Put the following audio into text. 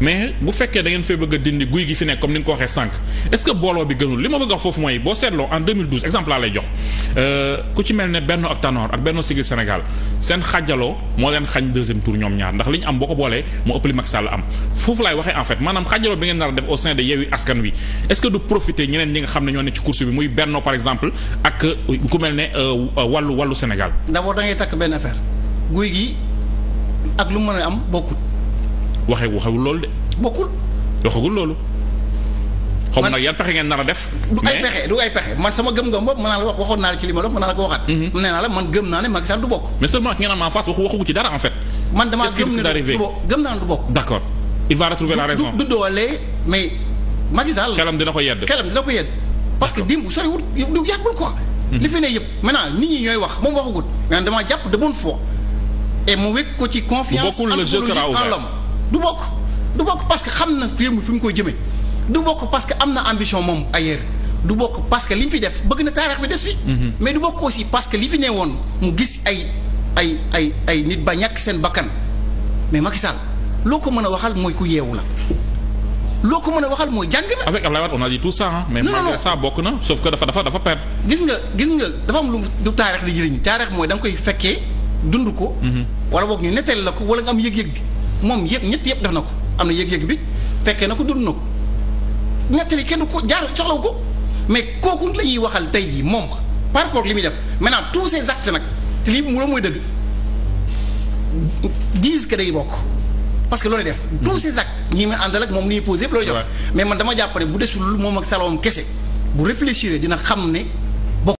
mais bu fekkee da ngeen fee bëgg a dindi guy gi fi ne comme ni nga ko waxee sànq est ce que booloo bi gënul li ma bëgg a wax foofu mooy boo seetloo en exemple laa lay jox euh, ku ci mel ne Benno ak Tanor ak Benno Siggil Sénégal seen xajaloo moo leen xañ deuxième tour ñoom ñaar ndax li ñu am boo ko boolee moo ëpp li Macky Sall am foofu laay waxee en fait maanaam xajaloo bi ngeen nar a def au sein de Yewwi ak euh, ku mel ne euh, wàllu wallu Sénégal. d' abord da ngay takk benn affaire guy gi ak lu mu mën a am bokkut waxee waxewul loolu de. bokkul waxagul loolu. xaw ma nag yan pexe ngeen nar a def. du ay pexe man sama gëm-gëm boobu mën naa la wax waxoon naa la ci li ma la mën mhm. naa la man gëm naa ne Macky Sall du bokk. mais seulement ki ngeen am en face waxu waxu ci dina ko yedd xelam dina ko yedd. parce que démb soriwul du yàggul quoi. Mhm. li fi ne yëpp maintenant nit ñi ñooy wax moom waxagut mais dama jàpp de bonne foi et mu wékk ko ci confiance anthropologique en l'homme du bokk du bokk parce que xam na réew mi fi mu koy jëmee du bokk parce que am na ambition moom ailleurs du bokk parce que li ñu fi def bëgg na taarix bi des fi mhm. mais du bokk aussi parce que li fi ne woon mu gis ay ay nit ba ñàkk seen bakkan mais Macky Sall loo ko mën a waxal mooy ku yeewu la loo ko mën a waxal mooy jàng na. avec Ablaye Wade on bokk na sauf que dafa dafa dafa perdre. nga gis nga dafa am lu du taarix di jëriñ taarix mooy da nga koy fekkee dund ko. Mhm. wala boog ñu nettali la ko wala nga am yëg-yëg bi. moom yëpp ñett yëpp def na ko am na yëg-yëg bi fekkee na ko dund na ko ñettali kenn ko jaar soxlawu ko mais kooku la ñuy waxal tey jii moom par rapport li muy def maintenant tous ces actes nag lii mu la mooy dëgg disent que day bokk parce que loolu def mm-hmm. tous ces actes ñi ma àndal ak moom li ñuy posé yëpp looy jox mais man dama jàpp bu desul moom ak salawam kese bu réfléchir dina xam ne